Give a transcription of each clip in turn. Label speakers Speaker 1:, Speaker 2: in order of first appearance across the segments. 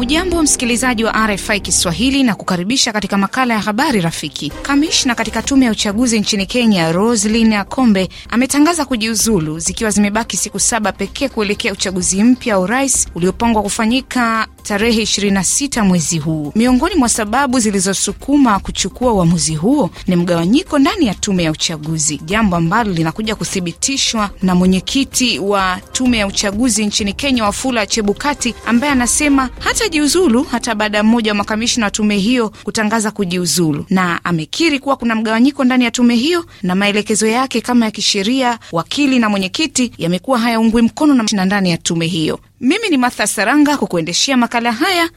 Speaker 1: Ujambo msikilizaji wa RFI Kiswahili na kukaribisha katika makala ya habari rafiki. Kamishna katika tume ya uchaguzi nchini Kenya, Roselyn Akombe ametangaza kujiuzulu, zikiwa zimebaki siku saba pekee kuelekea uchaguzi mpya wa urais uliopangwa kufanyika tarehe 26 mwezi huu. Miongoni mwa sababu zilizosukuma kuchukua uamuzi huo ni mgawanyiko ndani ya tume ya uchaguzi, jambo ambalo linakuja kuthibitishwa na mwenyekiti wa tume ya uchaguzi nchini Kenya, Wafula Chebukati, ambaye anasema hata hajajiuzulu hata baada ya mmoja wa makamishina wa tume hiyo kutangaza kujiuzulu, na amekiri kuwa kuna mgawanyiko ndani ya tume hiyo na maelekezo yake kama ya kisheria, wakili na mwenyekiti yamekuwa hayaungwi mkono na na ndani ya tume hiyo. Mimi ni Martha Saranga kukuendeshea makala haya.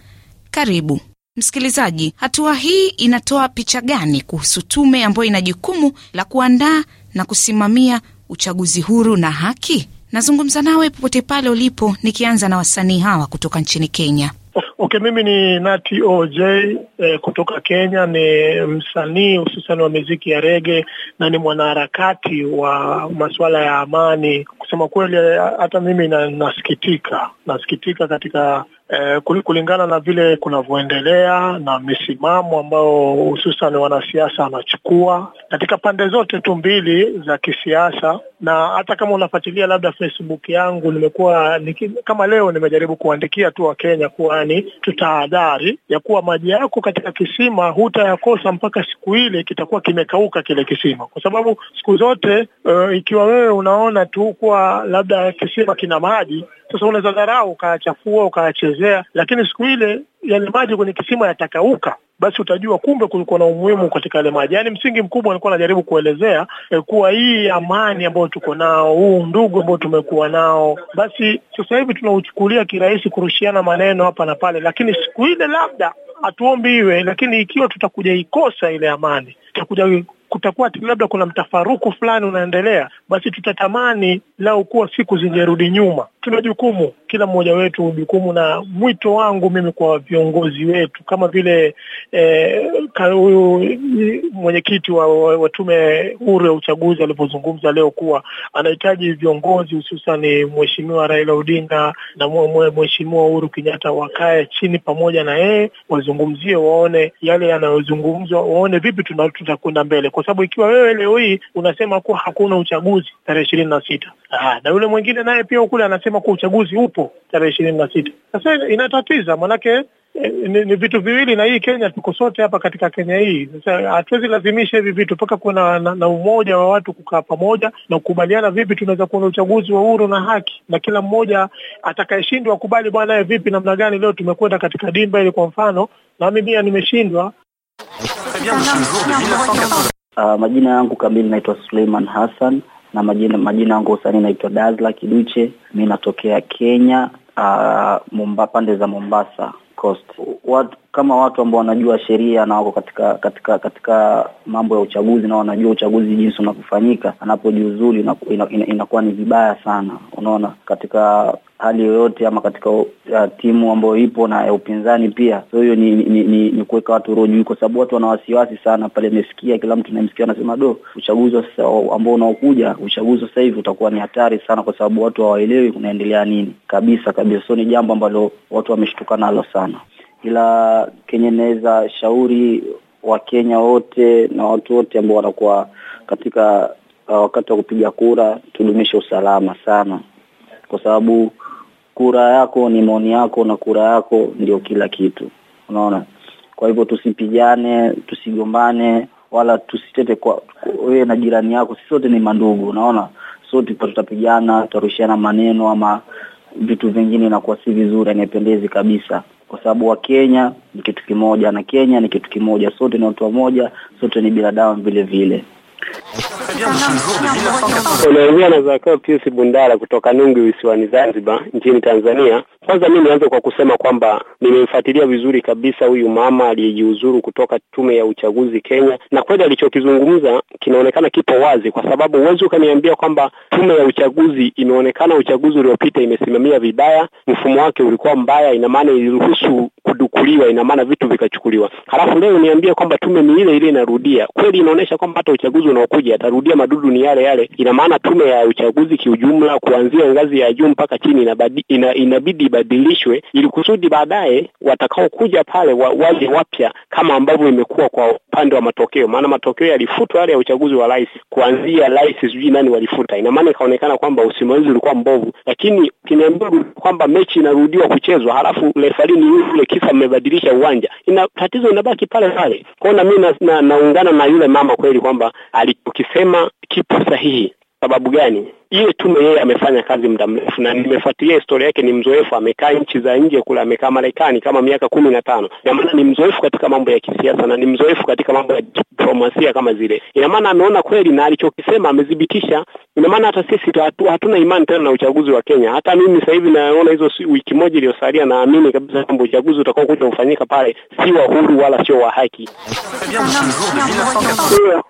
Speaker 1: Karibu msikilizaji. Hatua hii inatoa picha gani kuhusu tume ambayo ina jukumu la kuandaa na kusimamia uchaguzi huru na haki? Nazungumza nawe popote pale ulipo, nikianza na wasanii hawa kutoka nchini Kenya.
Speaker 2: Okay, mimi ni Nati OJ eh, kutoka Kenya. Ni msanii hususan wa muziki ya rege na ni mwanaharakati wa masuala ya amani. Kusema kweli, hata mimi na, nasikitika nasikitika katika eh, kulingana na vile kunavyoendelea na misimamo ambayo hususan wanasiasa wanachukua katika pande zote tu mbili za kisiasa, na hata kama unafuatilia labda Facebook yangu nimekuwa kama leo nimejaribu kuandikia tu Wakenya kuwa yani tutahadhari ya kuwa maji yako katika kisima hutayakosa mpaka siku ile kitakuwa kimekauka kile kisima, kwa sababu siku zote uh, ikiwa wewe unaona tu kuwa labda kisima kina maji sasa unaweza dharau ukayachafua ukayachezea, lakini siku ile yale maji kwenye kisima yatakauka, basi utajua kumbe kulikuwa na umuhimu katika yale maji. Yaani msingi mkubwa alikuwa anajaribu kuelezea e, kuwa hii amani ambayo tuko nao, huu ndugu ambao tumekuwa nao, basi sasa hivi tunauchukulia kirahisi, kurushiana maneno hapa na pale, lakini siku ile labda hatuombi iwe, lakini ikiwa tutakuja ikosa ile amani, tutakuja kutakuwa labda kuna mtafaruku fulani unaendelea, basi tutatamani lau kuwa siku zingerudi nyuma. Tuna jukumu kila mmoja wetu jukumu, na mwito wangu mimi kwa viongozi wetu kama vile eh, huyu eh, mwenyekiti wa, wa, wa tume huru ya uchaguzi alivyozungumza leo kuwa anahitaji viongozi hususani Mheshimiwa Raila Odinga na Mheshimiwa Uhuru Kenyatta wakae chini pamoja na yeye, wazungumzie, waone yale yanayozungumzwa, waone vipi tutakwenda mbele kwa sababu ikiwa wewe leo hii unasema kuwa hakuna uchaguzi tarehe ishirini na sita ah, na yule mwingine naye pia kule anasema kuwa uchaguzi upo tarehe ishirini na sita sasa inatatiza manake eh, ni, ni vitu viwili, na hii Kenya tuko sote hapa katika Kenya hii. Sasa hatuwezi lazimisha hivi vitu mpaka kuwa na, na, na umoja wa watu kukaa pamoja na kukubaliana vipi tunaweza kuwa na uchaguzi wa uhuru na haki, na kila mmoja atakayeshindwa akubali bwana, vipi namna gani leo tumekwenda katika dimba ili Kwa mfano nami pia nimeshindwa
Speaker 3: Uh, majina yangu kamili naitwa Suleiman Hassan na majina majina yangu usani naitwa Dazla Kiduche. Mi natokea Kenya, uh, mumba pande za Mombasa coast. Watu, kama watu ambao wanajua sheria na wako katika katika katika mambo ya uchaguzi na wanajua uchaguzi jinsi unavyofanyika, anapojiuzulu inakuwa ina, ina, ina, ni vibaya sana, unaona katika hali yoyote ama katika uh, timu ambayo ipo na ya upinzani pia. So hiyo ni ni, ni, ni kuweka watu roho juu, kwa sababu watu wana wasiwasi sana pale. Nimesikia kila mtu namsikia anasema do, uchaguzi sasa ambao unaokuja, uchaguzi sasa hivi utakuwa ni hatari sana, kwa sababu watu hawaelewi kunaendelea nini kabisa kabisa. So ni jambo ambalo watu wameshtuka nalo sana ila Kenya inaweza shauri Wakenya wote na watu wote ambao wanakuwa katika uh, wakati wa kupiga kura, tudumishe usalama sana, kwa sababu kura yako ni maoni yako na kura yako ndio kila kitu, unaona. Kwa hivyo tusipigane, tusigombane wala tusitete kwa wewe na jirani yako. Sisi sote ni mandugu, unaona, sote tutapigana, tutarushiana maneno ama vitu vingine, inakuwa si vizuri, anipendezi kabisa kwa sababu wa Kenya ni kitu kimoja na Kenya ni kitu kimoja, sote ni watu wamoja, sote ni binadamu vile vile.
Speaker 4: Unaongea na zakao Pius Bundala kutoka Nungi visiwani Zanzibar nchini Tanzania. Kwanza mi nianze kwa kusema kwamba nimemfuatilia vizuri kabisa huyu mama aliyejiuzuru kutoka tume ya uchaguzi Kenya, na kweli alichokizungumza kinaonekana kipo wazi, kwa sababu huwezi ukaniambia kwamba tume ya uchaguzi imeonekana uchaguzi uliopita imesimamia vibaya, mfumo wake ulikuwa mbaya, ina maana iliruhusu kudukuliwa, ina maana vitu vikachukuliwa, halafu leo niambia kwamba tume ni ile ile inarudia. Kweli inaonyesha kwamba hata uchaguzi unaokuja atarudia madudu ni yale yale. Ina maana tume ya uchaguzi kiujumla, kuanzia ngazi ya juu mpaka chini, inabidi ibadilishwe ili kusudi baadaye watakaokuja pale wa, waje wapya kama ambavyo imekuwa kwa upande wa matokeo. Maana matokeo yalifutwa yale ya uchaguzi wa rais, kuanzia rais sijui nani walifuta, ina maana ikaonekana kwamba usimamizi ulikuwa mbovu, lakini ukiniambia kwamba mechi inarudiwa kuchezwa halafu refari ni yule, kisa mmebadilisha uwanja, ina tatizo inabaki pale pale. Kwa hiyo na mimi naungana na, na yule mama kweli kwamba alichokisema kipo sahihi. Sababu gani? Ile tume yeye amefanya kazi muda mrefu, na nimefuatilia historia yake. Ni mzoefu, amekaa nchi za nje kule, amekaa Marekani kama miaka kumi na tano. Ina maana ni mzoefu katika mambo ya kisiasa na ni mzoefu katika mambo ya diplomasia kama zile. Ina maana ameona kweli na alichokisema amethibitisha. Ina maana hata sisi hatu, hatuna imani tena na uchaguzi wa Kenya. Hata mimi sasa hivi naona hizo wiki moja iliyosalia, naamini kabisa kwamba uchaguzi utakao kuja kufanyika pale si wa huru wala sio wa haki.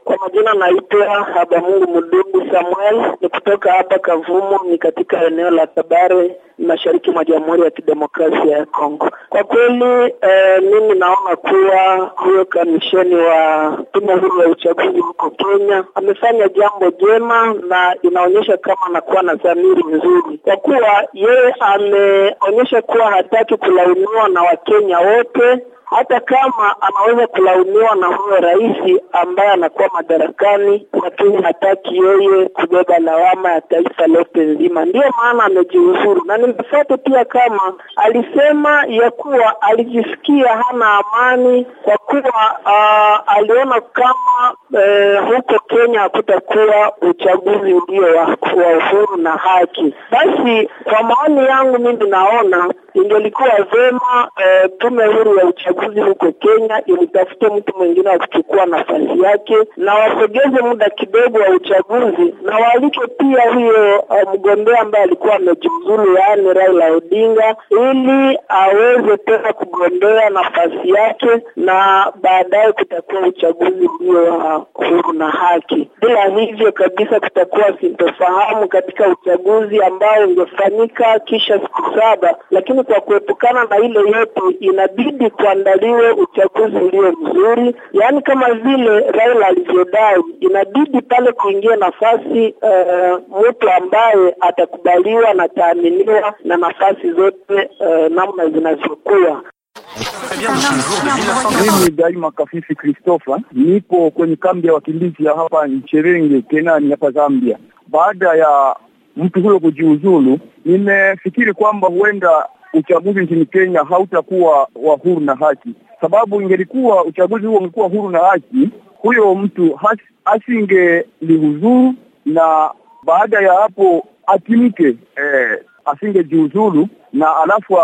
Speaker 5: Kwa majina naitwa Habamungu Mudugu Samuel, ni kutoka hapa Kavumu ni katika eneo la Kabare mashariki mwa Jamhuri ya Kidemokrasia ya Kongo. Kwa kweli eh, mimi naona kuwa huyo kamisheni wa tume huru ya uchaguzi huko Kenya amefanya jambo jema na inaonyesha kama anakuwa na dhamiri nzuri, kwa kuwa yeye ameonyesha kuwa hataki kulaumiwa na Wakenya wote hata kama anaweza kulaumiwa na huyo rais ambaye anakuwa madarakani, lakini hataki yeye kubeba lawama ya taifa lote nzima. Ndiyo maana amejiuzuru, na nimefuata pia kama alisema ya kuwa alijisikia hana amani kwa kuwa uh, aliona kama eh, huko Kenya hakutakuwa uchaguzi ulio wa uhuru na haki. Basi kwa maoni yangu mimi naona ingelikuwa vema eh, tume huru ya uchaguzi huko Kenya ilitafute mtu mwingine wa kuchukua nafasi yake na wasogeze muda kidogo wa uchaguzi na waalike pia huyo eh, mgombea ambaye alikuwa amejiuzulu, yaani Raila Odinga, ili aweze tena kugombea nafasi yake, na baadaye kutakuwa uchaguzi ulio wa huru na haki. Bila hivyo kabisa, tutakuwa sintofahamu katika uchaguzi ambao ungefanyika kisha siku saba. Lakini kwa kuepukana na ile yote, inabidi kuandaliwe uchaguzi ulio mzuri, yaani kama vile Raila alivyodai, inabidi pale kuingia nafasi uh, mtu ambaye atakubaliwa na taaminiwa na nafasi zote uh, namna zinavyokuwa
Speaker 3: mimi daima Kafifi Christopher, nipo kwenye kambi ya wakimbizi ya hapa Ncherenge Kenani hapa Zambia. Baada ya mtu huyo kujiuzulu, nimefikiri kwamba huenda uchaguzi nchini Kenya hautakuwa wa huru na haki, sababu ingelikuwa uchaguzi huo ungekuwa huru na haki, huyo mtu asingelihuzuru, na baada ya hapo atimke eh, asingejiuzulu na alafu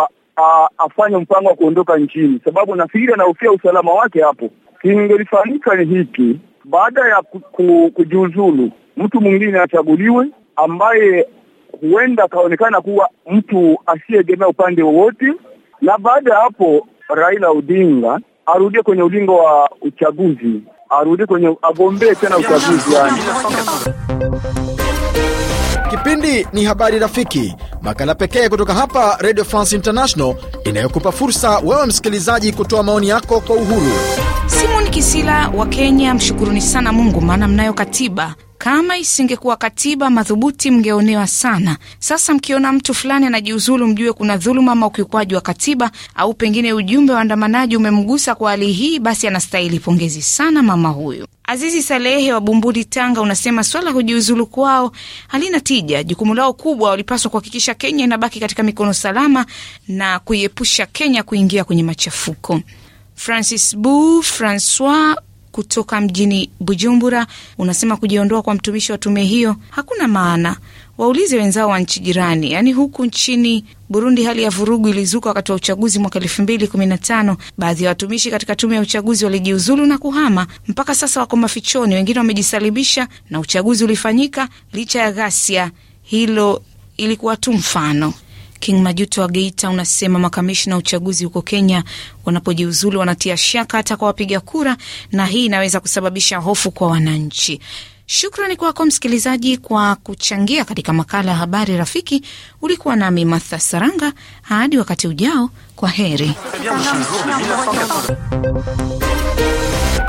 Speaker 3: afanye mpango wa kuondoka nchini, sababu nafikiri anahofia usalama wake. Hapo kingelifanyika ni hiki, baada ya kujiuzulu mtu mwingine achaguliwe ambaye huenda akaonekana kuwa mtu asiyeegemea upande wowote, na baada ya hapo Raila Odinga arudie kwenye ulingo wa uchaguzi, arudie kwenye agombee tena uchaguzi yani
Speaker 4: Kipindi ni Habari Rafiki, makala pekee kutoka hapa Radio France International inayokupa fursa wewe msikilizaji kutoa maoni yako
Speaker 1: kwa uhuru. Simon Kisila wa Kenya, mshukuruni sana Mungu maana mnayo katiba kama isingekuwa katiba madhubuti, mngeonewa sana. Sasa mkiona mtu fulani anajiuzulu, mjue kuna dhuluma ama ukiukwaji wa katiba, au pengine ujumbe wa waandamanaji umemgusa kwa hali hii, basi anastahili pongezi sana mama huyu. Azizi Salehe wa Bumbuli, Tanga, unasema swala la kujiuzulu kwao halina tija. Jukumu lao kubwa walipaswa kuhakikisha Kenya inabaki katika mikono salama na kuiepusha Kenya kuingia kwenye machafuko. Francis Bu Francois kutoka mjini Bujumbura unasema kujiondoa kwa mtumishi wa tume hiyo hakuna maana, waulize wenzao wa nchi jirani. Yaani huku nchini Burundi hali ya vurugu ilizuka wakati wa uchaguzi mwaka elfu mbili kumi na tano. Baadhi ya watumishi katika tume ya uchaguzi walijiuzulu na kuhama, mpaka sasa wako mafichoni, wengine wamejisalibisha, na uchaguzi ulifanyika licha ya ghasia. Hilo ilikuwa tu mfano. King Majuto wa Geita unasema makamishna wa uchaguzi huko Kenya wanapojiuzulu wanatia shaka hata kwa wapiga kura, na hii inaweza kusababisha hofu kwa wananchi. Shukrani kwako msikilizaji kwa kuchangia katika makala ya habari rafiki. Ulikuwa nami matha Saranga, hadi wakati ujao, kwa heri.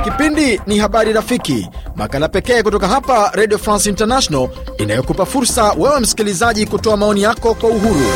Speaker 1: Kipindi ni habari rafiki, makala pekee kutoka hapa
Speaker 4: Radio France International inayokupa fursa wewe msikilizaji kutoa maoni yako kwa uhuru.